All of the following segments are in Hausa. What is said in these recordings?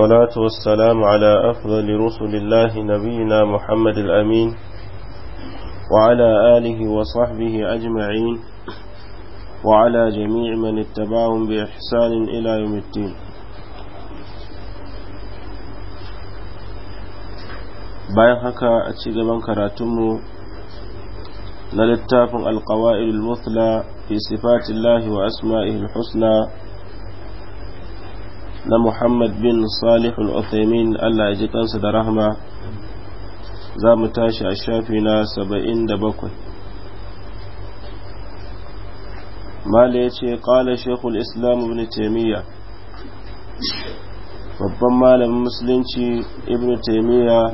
الصلاة والسلام على أفضل رسل الله نبينا محمد الأمين وعلى آله وصحبه أجمعين وعلى جميع من اتبعهم بإحسان إلى يوم الدين bayan haka a ci gaban karatunmu na littafin alkawa'il musla fi sifatillahi wa asma'ihil husna na Muhammad bin Salih al-Uthaymin Allah ya ji kansa da rahama za mu tashi a shafi na saba'in da bakwai mala ya ce ƙala shekul islam ibn taimiyya babban malamin musulunci ibn taimiyya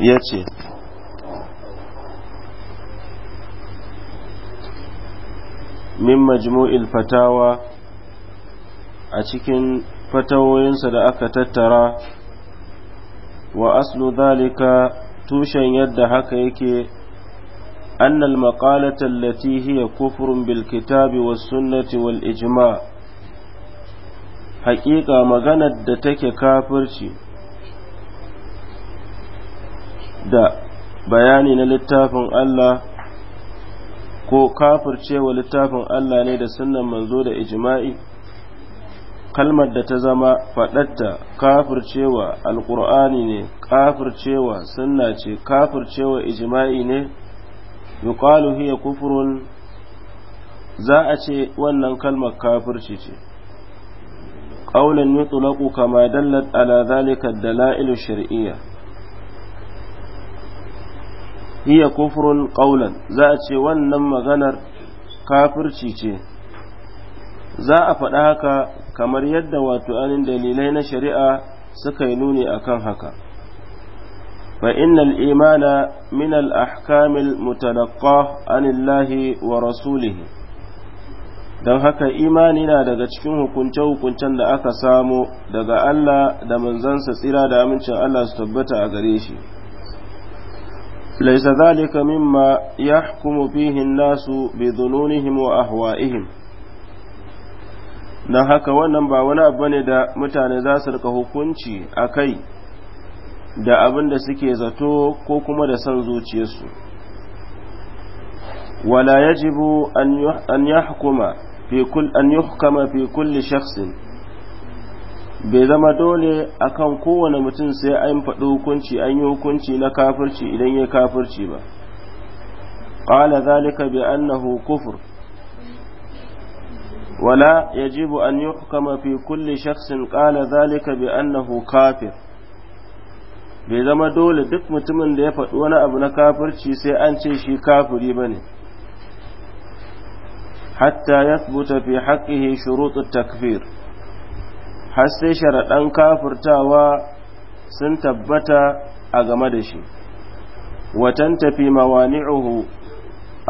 ya ce min majmu'il fatawa a cikin fatawoyinsa da aka tattara wa aslu dhalika tushen yadda haka yake أن المقالة التي هي كفر بالكتاب والسنة والإجماع حقيقة مغانا دتك da دا na للتافن الله ko kafircewa littafin Allah ne da sunan manzo da ijma'i kalmar da ta zama faɗatta kafircewa alƙur'ani ne kafircewa sunna ce kafircewa ijma'i ne yuqalu hiya kufrun za a ce wannan kalmar kafirci ce qaulan yutlaqu kama dallat ala zalika ad-dala'il shar'iyyah hiya kufrun qaulan za a ce wannan maganar kafirci ce za a faɗa haka kamar yadda wato anin dalilai na shari'a suka yi nuni akan haka fa innal imana min al ahkamil mutalaqqa anillahi wa rasulihi don haka imani na daga cikin hukunce-hukuncen da aka samo daga Allah da manzansa tsira da amincin Allah su tabbata a gare shi ليس ذلك مما يحكم فيه الناس بظنونهم وأهوائهم na haka wannan ba wani abu ne da mutane za su rika hukunci a kai da abin da suke zato ko kuma da san zuciyarsu wala yajibu an yahkuma fi kulli shakhsin bai zama dole akan kowane mutum sai an faɗi hukunci an yi hukunci na kafirci idan ya kafirci ba qala zalika bi annahu kufr wala yajibu an yuhkama fi kulli shaksin qala zalika bi annahu kafir bai zama dole duk mutumin da ya faɗi wani abu na kafirci sai an ce shi kafiri ne. hatta ya fi haqqihi shurut takfir har sai sharaɗan kafurtawa sun tabbata a game da shi watan tafi mawani'uhu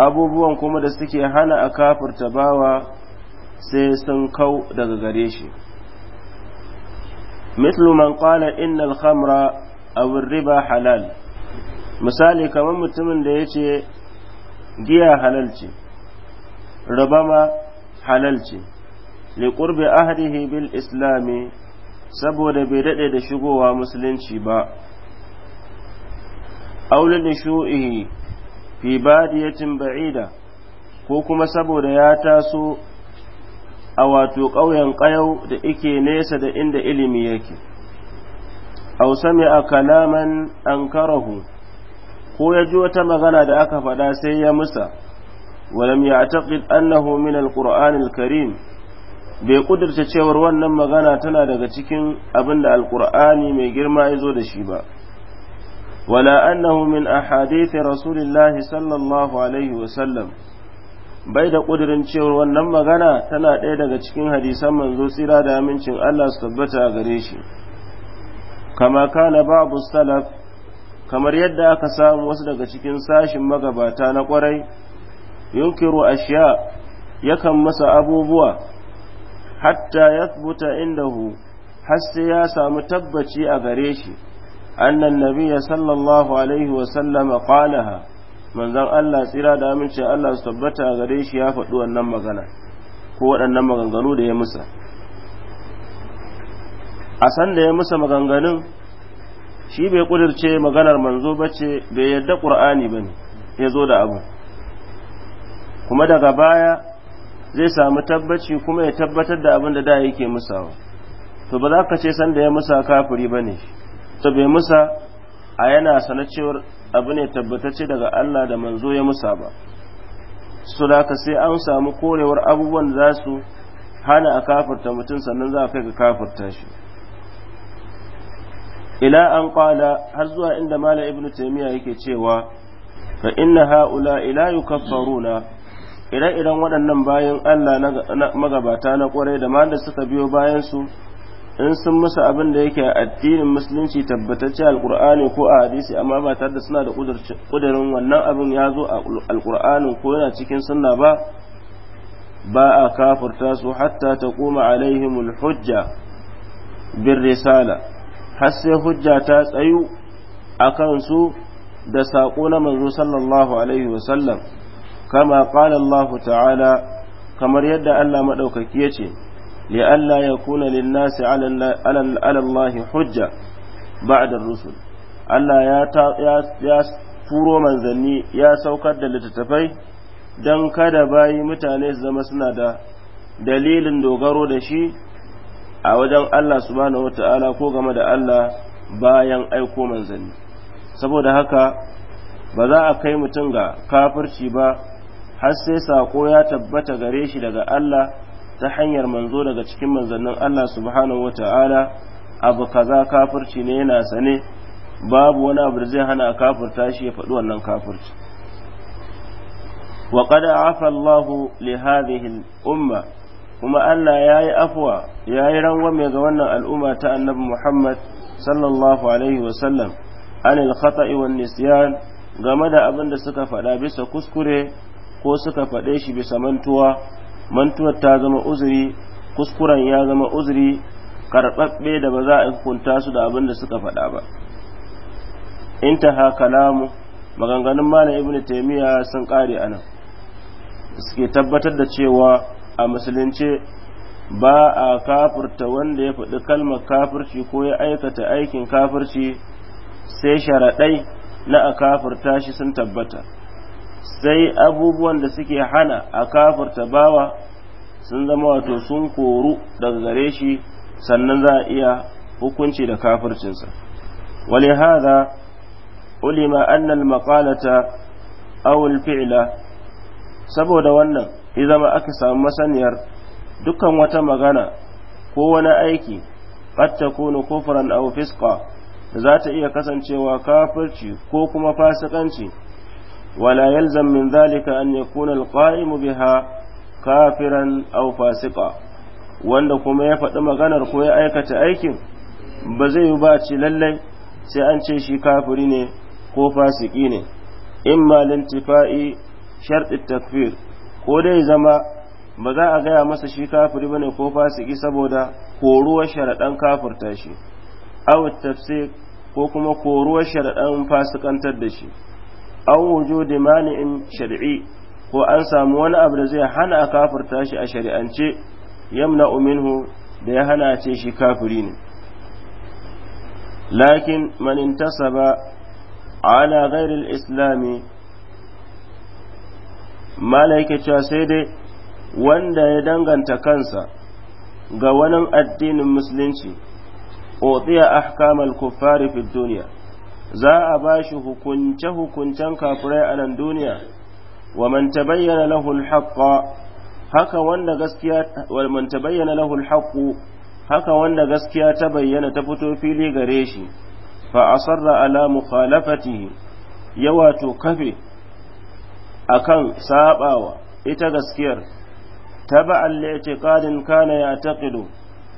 abubuwan kuma da suke hana a kafurta bawa sai sun kau daga gare shi مثل من innal hamra a riba halal misali kamar mutumin da ya ce giya halalci riba ma ce. liƙurbi ahdihi bil islami saboda bai daɗe da shigowa musulunci ba aulin shu'ihi fi badiyatin ba'ida ko kuma saboda ya taso a wato ƙauyen ƙayau da ike nesa da inda ilimi yake aw a kalaman ankarahu ko ya ji wata magana da aka faɗa sai ya musa walam ya'taqid annahu min alqur'anil karim bai kudurta cewar wannan magana tana daga cikin abin da alkur'ani mai girma ya zo da shi ba wala annahu min ahadithi rasulillahi sallallahu alaihi wasallam bai da kudurin cewar wannan magana tana ɗaya daga cikin hadisan manzo tsira da amincin Allah su tabbata a gare shi kama kana babu salaf kamar yadda aka samu wasu daga cikin sashin magabata na kwarai yunkiru ashiya yakan masa abubuwa hatta yathbuta indahu har sai ya samu tabbaci a gare shi annan nabiyya sallallahu alaihi wa sallama qalaha manzon Allah tsira da aminci Allah su tabbata a gare shi ya faɗi wannan magana ko waɗannan maganganu da ya musa a san da ya musa maganganun shi bai kudirce maganar manzo bace bai yadda qur'ani bane ya zo da abu kuma daga baya zai samu tabbaci kuma ya tabbatar da abin da da yake musawa to ba za ka ce sanda ya musa kafiri ba ne to bai musa a yana sana cewa abu ne tabbatacce daga Allah da manzo ya musa ba su da ka sai an samu korewar abubuwan da za su hana a kafirta mutum sannan za a kai ga kafirta shi ila an kwala har zuwa inda mala ibnu taimiyya yake cewa fa inna ha'ula ila yukaffaruna ire-iren waɗannan bayan Allah na magabata na ƙwarai da ma da suka biyo bayan su in sun musu abin da yake a addinin musulunci tabbatacce Alƙur'ani ko a hadisi amma ba tare da suna da ƙudurin wannan abin ya zo a Alƙur'ani ko yana cikin sunna ba ba a kafurta su hatta ta koma alaihimul hujja bin risala har sai hujja ta tsayu a kansu da saƙo na manzo sallallahu alaihi wasallam kama qala Allah ta'ala kamar yadda Allah ya ce li alla ya kuna nasi alallahi Allah hujja da rusul Allah ya furo manzanni ya saukar da littattafai don kada bayi mutane su zama suna da dalilin dogaro da shi a wajen Allah subhanahu ko game da Allah bayan aiko manzanni saboda haka ba za a kai mutum ga kafirci ba har sai sako ya tabbata gare shi daga Allah ta hanyar manzo daga cikin manzannin Allah subhanahu wata'ala abu kaza kafirci ne yana sane babu wani abu da zai hana a kafirta shi ya faɗi wannan kafirci wa qad afa Allah li hadhihi umma kuma Allah yayi afwa yayi mai ga wannan al'umma ta Annabi Muhammad sallallahu alaihi wa sallam al khata'i wan nisyan game da abin da suka faɗa bisa kuskure ko suka faɗe shi bisa mantuwa mantuwar ta zama uzuri kuskuren ya zama uzuri karɓaɓɓe da ba za a hukunta su da abin da suka faɗa ba inta kalamu maganganun malam ibnu taimiya sun ƙare anan suke tabbatar da cewa a musulunce ba a kafurta wanda ya faɗi kalmar kafirci ko ya aikata aikin kafurci sai sharaɗai na a kafurta shi sun tabbata sai abubuwan da suke hana a kafirta bawa sun zama wato sun koru daga gare shi sannan za a iya hukunci da kafircinsa wani haza ulima annal maƙalata awul fi'la saboda wannan izama zama aka samu masaniyar dukkan wata magana ko wani aiki qad takunu kufran aw da za ta iya kasancewa kafirci ko kuma fasikanci ولا يلزم من ذلك أن يكون القائم بها كافرا أو فاسقا wanda kuma ya faɗi maganar ko ya aikata aikin ba zai yi ba ce lallai sai an ce shi kafiri ne ko fasiki ne in malin tifa'i sharɗin takfir ko dai zama ba za a gaya masa shi kafiri ba ne ko fasiki saboda koruwar sharaɗan kafirta shi awat tafsir ko kuma koruwar sharaɗan fasikantar da shi an wujudi mani'in shari'i ko an samu wani abu da zai hana a kafirta shi a shari'ance yamna minhu da ya hana ce shi kafuri ne lakin man intasaba ala ghairil islami malaika cewa sai dai wanda ya danganta kansa ga wani addinin musulunci otiya ahkamal kuffari fi duniya za a ba shi hukunce-hukuncen kafurai a nan duniya wa man tabayyana lahul haqqa haka wanda gaskiya wa man tabayyana lahul haka wanda gaskiya ta bayyana ta fito fili gare shi fa asarra ala mukhalafatihi ya wato kafe akan sabawa ita gaskiyar taba'al li'tiqadin kana taqidu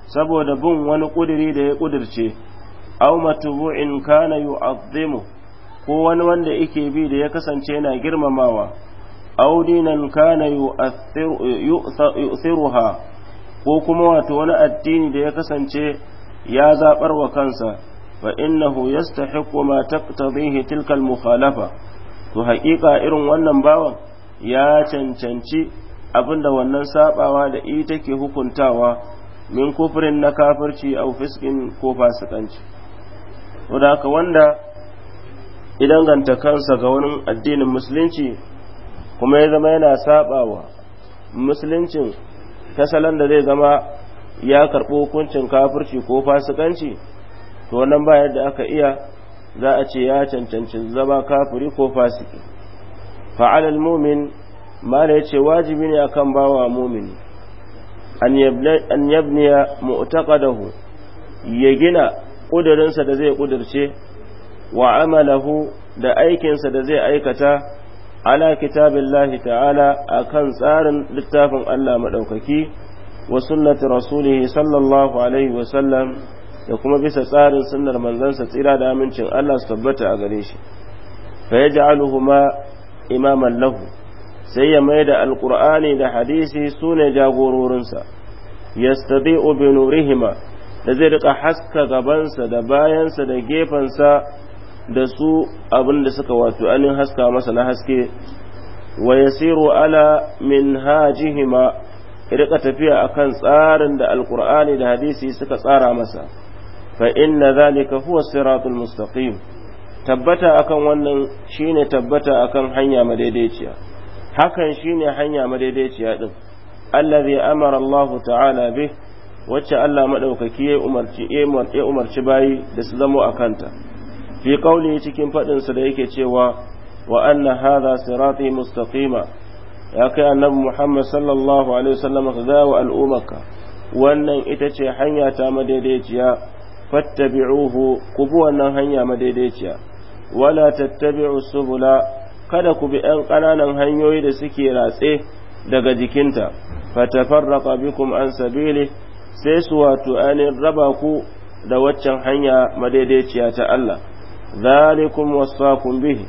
saboda bin wani kudiri da ya kudirce aw matbu'in kana yu'azzimu ko wani wanda yake bi da ya kasance yana girmamawa aw dinan kana yu'thiruha ko kuma wato wani addini da ya kasance ya zabar wa kansa fa innahu yastahiqu ma taqtadhihi tilka al-mukhalafa to haƙiƙa irin wannan bawan ya cancanci abinda wannan sabawa da ita ke hukuntawa min kufrin na kafirci au fiskin ko fasikanci saboda haka wanda idan ganta kansa ga wani addinin musulunci kuma ya zama yana sabawa musuluncin ta da zai zama ya karɓo hukuncin kafirci ko fasikanci to wannan ba yadda aka iya za a ce ya cancanci zama kafiri ko fasiki fa'alal mumin mala ya ce wajibi ne akan bawa mumini an yabniya mu'taqadahu ya gina ƙudurinsa da zai ƙudurce wa amalahu da aikinsa da zai aikata ala kitabin Lahi ta'ala a kan tsarin littafin Allah maɗaukaki wa sunnati rasulihi sallallahu alaihi wasallam da kuma bisa tsarin sunnar manzansa tsira da amincin Allah su tabbata a gare shi fa ya yaj'aluhuma imaman lahu sai ya mai da alqur'ani da hadisi sune jagororinsa yastadi'u bi nurihima da zai rika haska gabansa da bayansa da sa da su abin da suka wato anin haska masa na haske wa yasiru ala hajihima rika tafiya akan tsarin da alqur'ani da hadisi suka tsara masa fa inna zalika huwa siratul mustaqim tabbata akan wannan shine tabbata akan hanya madaidaiciya hakan shine hanya madaidaiciya din allazi amara Allah ta'ala bih wacce Allah maɗaukaki ya umarci ya umarci bayi da su zamo a kanta fi kauli cikin faɗinsa da yake cewa wa anna hadha sirati mustaqima ya kai annabi Muhammad sallallahu alaihi wasallam ka ga wa al'ummaka wannan ita ce hanya ta madaidaiciya fattabi'uhu ku bi wannan hanya madaidaiciya wala tattabi'u subula kada ku bi ɗan ƙananan hanyoyi da suke ratse daga jikinta fatafarraqa bikum an sabili sai su wato ainihin raba ku da waccan hanya madaidaiciya ta Allah zalikum wasaqum bihi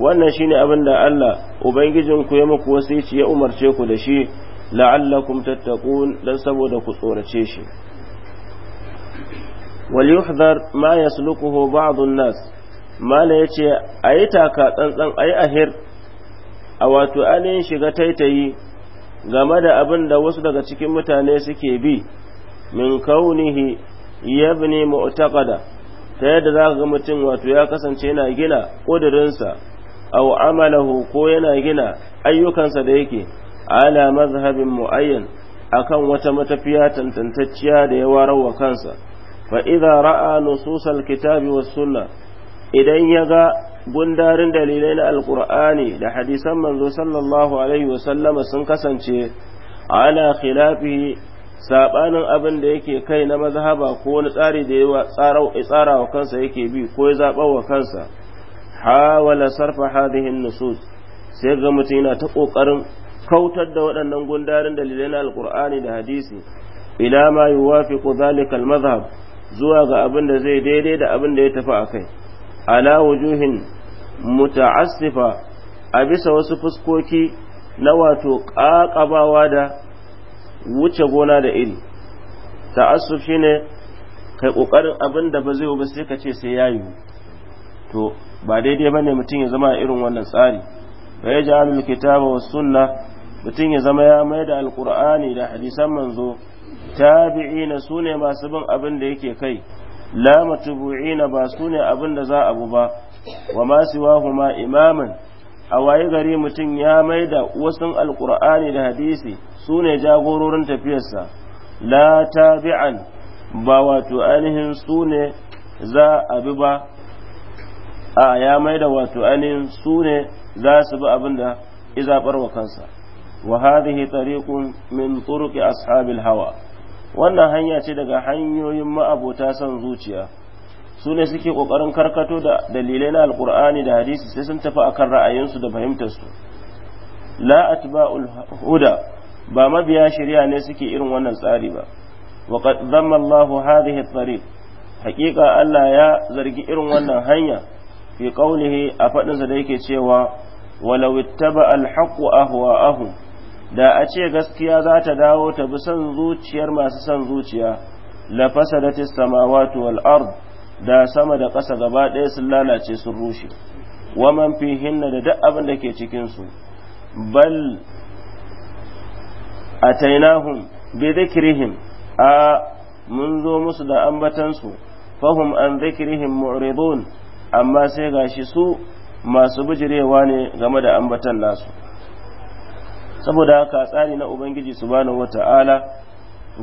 wannan shine abin da Allah ubangijin ubangijinku ya muku wasici ya umarce ku da shi la'allakum tattaqun dan saboda ku tsorace shi wal yuhdhar ma yasluquhu ba'd an-nas mala yace ayi taka tsantsan ayi ahir a wato ainihin shiga taitayi game da abin da wasu daga cikin mutane suke bi min kaunihi yabni mu'taqada ta yadda za ga mutum wato ya kasance yana gina ƙudurinsa aw amalahu ko yana gina ayyukansa da yake ala mazhabin mu'ayyan akan wata matafiya tantantacciya da ya warar kansa fa idza ra'a nususal kitabi was sunna idan ya ga gundarin dalilai na alqur'ani da hadisan manzo sallallahu alaihi wa sun kasance ala khilafihi sabanin abin da yake kai na mazhaba ko wani tsari da yawa tsara wa kansa yake bi ko ya zaɓar wa kansa hawala sarfa hadhihi nusus sai ga mutum yana ta ƙoƙarin kautar da waɗannan gundarin dalilan alqur'ani da hadisi ila ma yuwafiqu zalika almadhhab zuwa ga abin da zai daidai da abin da ya tafi akai ala wujuhin muta'assifa a bisa wasu fuskoki na wato ƙaƙabawa da wuce gona da iri ta'assuf shine kai kokarin abin da ba zai ba sai ka ce sai ya yiwu to ba daidai bane mutum ya zama irin wannan tsari ba ya ja'alul kitaba was sunna mutum ya zama ya mai da alqur'ani da hadisan manzo tabi'ina sune masu bin abin da yake kai la matubu'ina ba sune abin da za a wa ba wa ma siwahuma imaman a waye gari mutum ya mai da wasu alkur'ani da hadisi su ne jagororin tafiyarsa la tabi'an ba wato ainihin su ne za a bi ba a ya maida wato ainihin su ne za su bi abin da izabar wa kansa wa hadhihi tariqun min turuqi ashabil hawa wannan hanya ce daga hanyoyin ma'abota son zuciya su ne suke kokarin karkato da dalilai na alkur'ani da hadisi sai sun tafi akan ra'ayinsu da fahimtarsu la atba'ul huda ba mabiya shari'a ne suke irin wannan tsari ba wa qad dhamma Allahu hadhihi at-tariq haqiqa Allah ya zargi irin wannan hanya fi qawlihi a fadin sa da yake cewa walau ittaba al-haqqu ahwa'ahum da a ce gaskiya za ta dawo ta bi son zuciyar masu son zuciya la fasadati samawati wal ard da sama da ƙasa gaba ɗaya sun lalace sun rushe wa man hinna da duk abin da ke cikin su bal atainahum bi dhikrihim a mun zo musu da ambatansu fahum an dhikrihim mu'ridun amma sai gashi su masu bijirewa ne game da ambatan nasu saboda haka tsari na ubangiji subhanahu wata'ala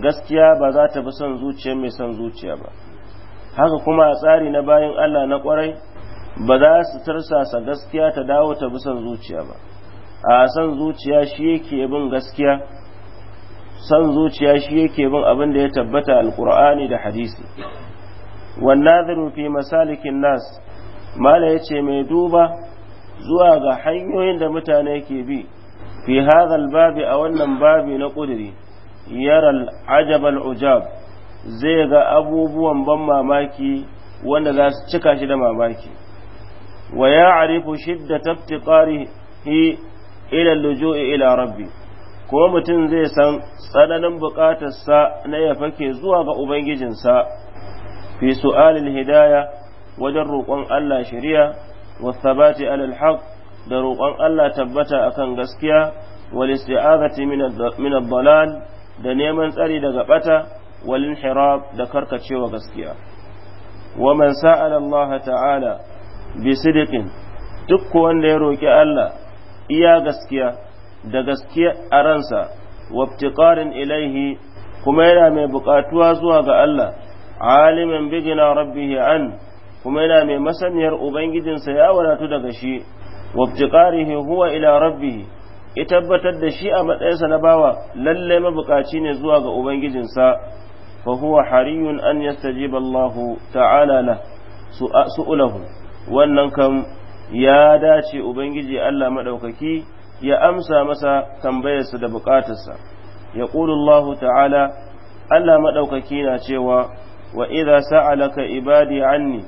gaskiya ba za ta fi son zuciya mai son zuciya ba haka kuma a tsari na bayan Allah na kwarai ba za su tarsasa gaskiya ta dawo ta bi bisan zuciya ba a san zuciya shi yake bin gaskiya san zuciya shi yake bin abin da ya tabbata alkur'ani da hadisi wannan fi masalikin nas mala ya ce mai duba zuwa ga hanyoyin da mutane ke bi fi hadha babi a wannan babi na ƙudiri yaral ajabal ujab zai ga abubuwan ban mamaki wanda za su cika shi da mamaki wa ya arifu shidda taftiqarihi ila luju'i ila rabbi ko mutum zai san tsananin bukatarsa na ya fake zuwa ga ubangijinsa fi su'alil hidaya wajen roƙon Allah shari'a wa thabati alal haq da roƙon Allah tabbata a kan gaskiya wal isti'azati min ad-dalal da neman tsari daga ɓata? wal inhirab da karkacewa gaskiya wa man sa'ala Allah ta'ala bi sidqin duk wanda ya roki Allah iya gaskiya da gaskiya a ransa wabtiqarin ilaihi kuma yana mai buƙatuwa zuwa ga Allah aliman bigina rabbihi an kuma yana mai masaniyar ubangijinsa ya wadatu daga shi wabtiqarihi huwa ila rabbihi ya tabbatar da shi a matsayinsa na bawa lallai mabukaci ne zuwa ga ubangijinsa فهو حري أن يستجيب الله تعالى له سؤله wannan kam ya dace Ubangiji Allah maɗaukaki ya amsa masa tambayarsa da buƙatarsa, ya Allah ta'ala, Allah maɗaukaki na cewa, wa idha sa'alaka ibadi anni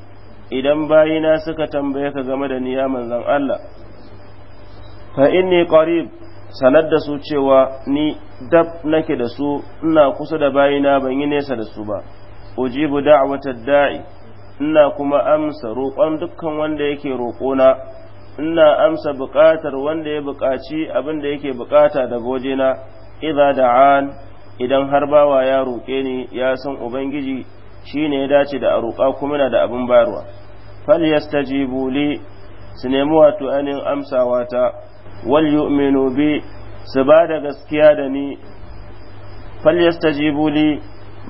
idan bayina suka tambaye ka game da niya manzan Allah, fa inni qarib sanar da su cewa ni dab nake da su ina kusa da bayina ban yi nesa da su ba ujibu da'watad da'i ina kuma amsa roƙon dukkan wanda yake roƙona ina amsa buƙatar wanda ya buƙaci abin da yake buƙata daga wajena idza da'an idan har bawa ya roƙe ni ya san ubangiji shine ya dace da a roƙa kuma na da abin bayarwa fal yastajibu li su nemi wato ainihin amsawa ta wal yu'minu bi su ba da gaskiya da ni fal yastajibu li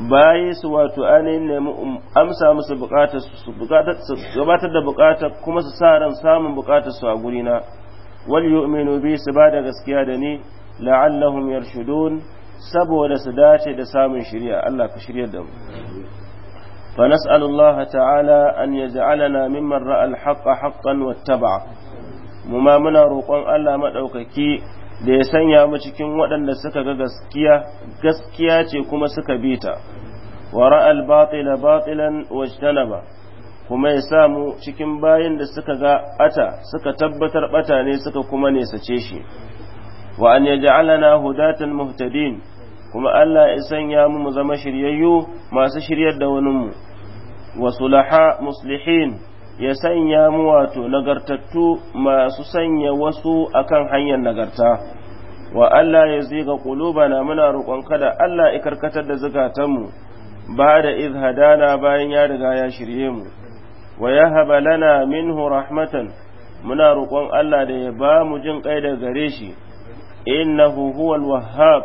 bayi su wato ainihin nemi um, amsa musu bukatar da bukatar kuma su sa ran samun bukatar su a gurina wal yu'minu bi su ba da gaskiya da ni la'allahum yarshudun saboda su dace da samun shirya Allah ka da mu ta'ala an yaj'alana mimman ra'a al-haqqa mu ma muna roƙon Allah maɗaukaki da ya sanya mu cikin waɗanda suka ga gaskiya gaskiya ce kuma suka bi ta wa ra'al batila batilan wajtanaba kuma ya mu cikin bayin da suka ga ata suka tabbatar bata ne suka kuma nesace shi wa an yaj'alana hudatan muhtadin kuma Allah ya sanya mu mu zama shiryayyu masu shiryar da wani mu wa sulaha muslihin ya sanya mu wato nagartattu masu sanya wasu akan hanyar nagarta wa Allah ya ziga kulubana muna roƙon kada Allah ya karkatar da zukatanmu ba da izhadana bayan ya riga ya shirye mu wa yahaba lana minhu rahmatan muna roƙon Allah da ya ba mu jin kai da gare shi innahu huwal wahhab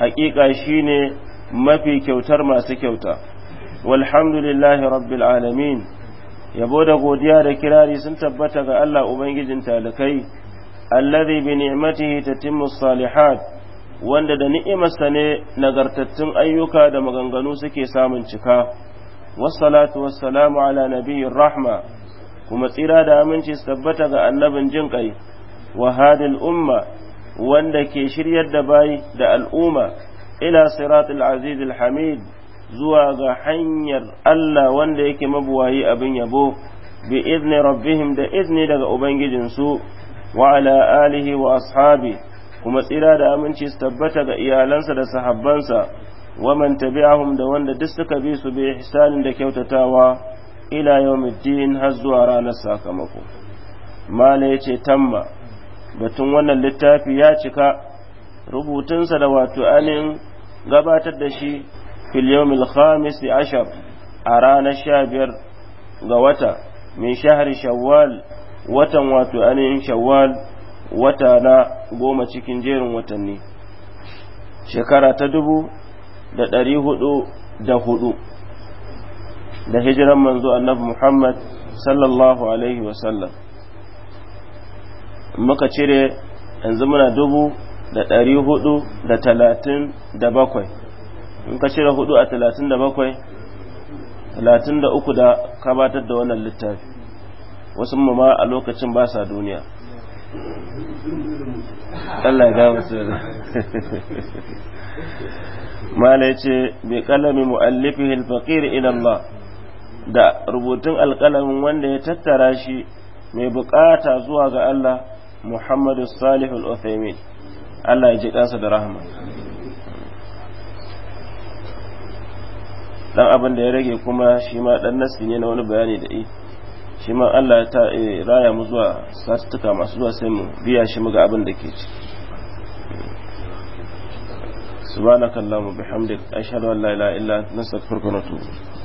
haƙiƙa shine mafi kyautar masu kyauta walhamdulillahi rabbil alamin yabo da godiya da kirari sun tabbata ga Allah ubangijin talakai allazi bi ni'matihi tatimmu salihat wanda da ni'imarsa ne nagartattun ayyuka da maganganu suke samun cika wassalatu wassalamu ala nabiyyin rahma kuma tsira da aminci su tabbata ga annabin jin kai wa hadil umma wanda ke shiryar da bai da al'umma ila siratul azizil hamid zuwa ga hanyar Allah wanda yake mabuwayi abin yabo bi izni rabbihim da izni daga ubangijinsu wa ala alihi wa ashabi kuma tsira da aminci su tabbata ga iyalansa da sahabbansa wa man tabi'ahum da wanda duk suka bi su bi ihsanin da kyautatawa ila yawmiddin har zuwa ranar sakamako mala yace tamma batun wannan littafi ya cika rubutunsa da wato anin gabatar da shi fil yawmil khamis ashar a ranar sha biyar ga wata min shahar shawwal watan wato ainihin shawwal wata na goma cikin jerin watanni shekara ta dubu da ɗari hudu da hudu da hijiran manzo annabi Muhammad sallallahu alaihi wasallam muka cire yanzu muna dubu da ɗari hudu da talatin da bakwai in ka cire hudu a talatin da bakwai talatin da uku da kabatar da wannan littafi wasu mu ma a lokacin ba sa duniya Allah ya gawo su mala ya ce bi kalami mu'allifihi alfaqir ila Allah da rubutun alkalamin wanda ya tattara shi mai bukata zuwa ga Allah Muhammadu salihul al Allah ya ji kansa da rahama dan abin da ya rage kuma shi ma dan nasi ne na wani bayani da yi shi ma Allah ya ta eh, raya mu zuwa satuka masu zuwa sai mu biya shi muga abin da ke ciki subhanakallahumma bihamdika ashhadu an la ilaha illa anta astaghfiruka wa atubu